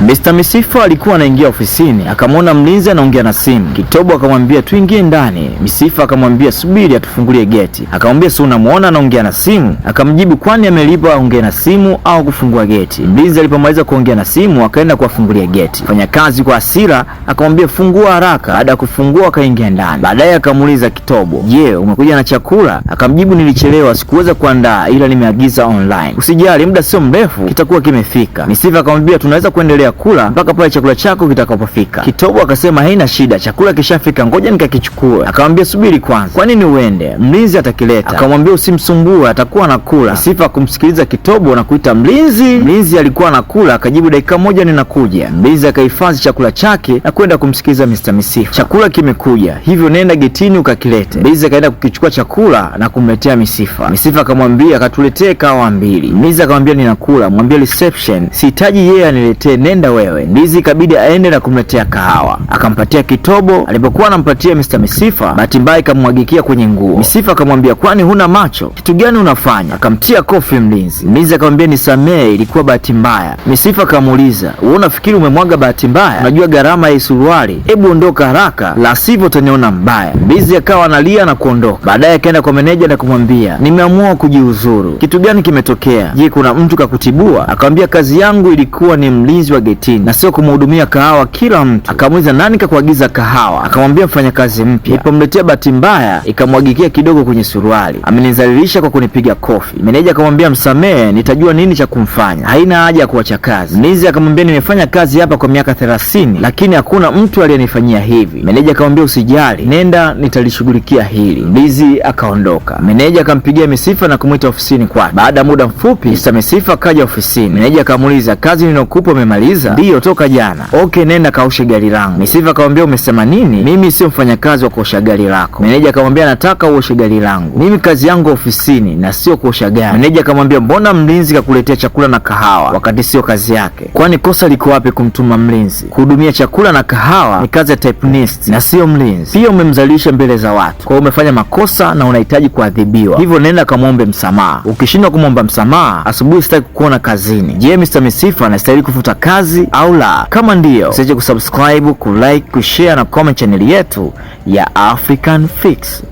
Mr. Misifa alikuwa anaingia ofisini akamwona mlinzi anaongea na simu. Kitobo akamwambia tuingie ndani. Misifa akamwambia subiri atufungulie geti. Akamwambia si unamwona anaongea na simu? Akamjibu kwani amelipa aongee na simu au kufungua geti? Mlinzi alipomaliza kuongea na simu akaenda kuwafungulia geti. Mfanyakazi kwa hasira akamwambia fungua haraka. Baada ya kufungua akaingia ndani. Baadaye akamuuliza Kitobo, je, yeah, umekuja na chakula? Akamjibu nilichelewa, sikuweza kuandaa ila nimeagiza online. Usijali, muda sio mrefu kitakuwa kimefika. Misifa akamwambia tunaweza kuendelea kula mpaka pale chakula chako kitakapofika. Kitobo akasema haina shida, chakula kishafika, ngoja nikakichukue. Akamwambia subiri kwanza, kwa nini uende? Mlinzi atakileta. Akamwambia usimsumbue, atakuwa anakula. Sifa kumsikiliza Kitobo na kuita mlinzi. Mlinzi alikuwa anakula, akajibu dakika moja ninakuja. Mlinzi akahifadhi chakula chake na kwenda kumsikiliza Mr. Misifa. Chakula kimekuja, hivyo nenda getini ukakilete. Mlinzi akaenda kukichukua chakula na kumletea Misifa. Misifa akamwambia, akatuletee kawa mbili. Mlinzi akamwambia ninakula. Mwambie reception, sihitaji yeye aniletee, nenda unakokwenda wewe. Ndizi ikabidi aende na kumletea kahawa, akampatia kitobo. Alipokuwa anampatia Mr. Misifa, bahati mbaya ikamwagikia kwenye nguo. Misifa akamwambia, kwani huna macho? Kitu gani unafanya? Akamtia kofi mlinzi. Mlinzi akamwambia, nisamehe, ilikuwa bahati mbaya. Misifa akamuuliza, wewe unafikiri umemwaga bahati mbaya? Unajua gharama ya suruali? Hebu ondoka haraka, la sivyo utaniona mbaya. Mlinzi akawa analia na kuondoka. Baadaye akaenda kwa meneja na kumwambia, nimeamua kujiuzuru. Kitu gani kimetokea? Je, kuna mtu kakutibua? Akamwambia, kazi yangu ilikuwa ni mlinzi wa getini na sio kumhudumia kahawa kila mtu. Akamuuliza nani kakuagiza kahawa, akamwambia mfanyakazi mpya. Nilipomletea bahati mbaya ikamwagikia kidogo kwenye suruali. Amenizalilisha kwa kunipiga kofi. Meneja akamwambia msamehe, nitajua nini cha kumfanya, haina haja ya kuacha kazi. Mlinzi akamwambia nimefanya kazi hapa kwa miaka thelathini lakini hakuna mtu aliyenifanyia hivi. Meneja akamwambia usijali, nenda nitalishughulikia hili. Mlinzi akaondoka. Meneja akampigia Misifa na kumwita ofisini kwake. Baada ya muda mfupi, Mr. Misifa akaja ofisini. Meneja akamuuliza kazi ninokupa umemaliza? Nilimuuliza, ndiyo, toka jana. Okay, nenda kaoshe gari langu. Misiva akamwambia, umesema nini? Mimi sio mfanyakazi wa kuosha gari lako. Meneja akamwambia, nataka uoshe gari langu. Mimi kazi yangu ofisini na sio kuosha gari. Meneja akamwambia, mbona mlinzi kakuletea chakula na kahawa wakati sio kazi yake? Kwani kosa liko wapi kumtuma mlinzi? Kuhudumia chakula na kahawa ni kazi ya typist na sio mlinzi. Pia umemzalilisha mbele za watu, kwa hiyo umefanya makosa na unahitaji kuadhibiwa. Hivyo nenda kamwombe msamaha. Ukishindwa kumwomba msamaha, asubuhi sitaki kukuona kazini. Je, Mr. Misifa anastahili kufuta kazi kazi au la. Kama ndio, usiache kusubscribe, kulike, kushare na comment chaneli yetu ya African Fix.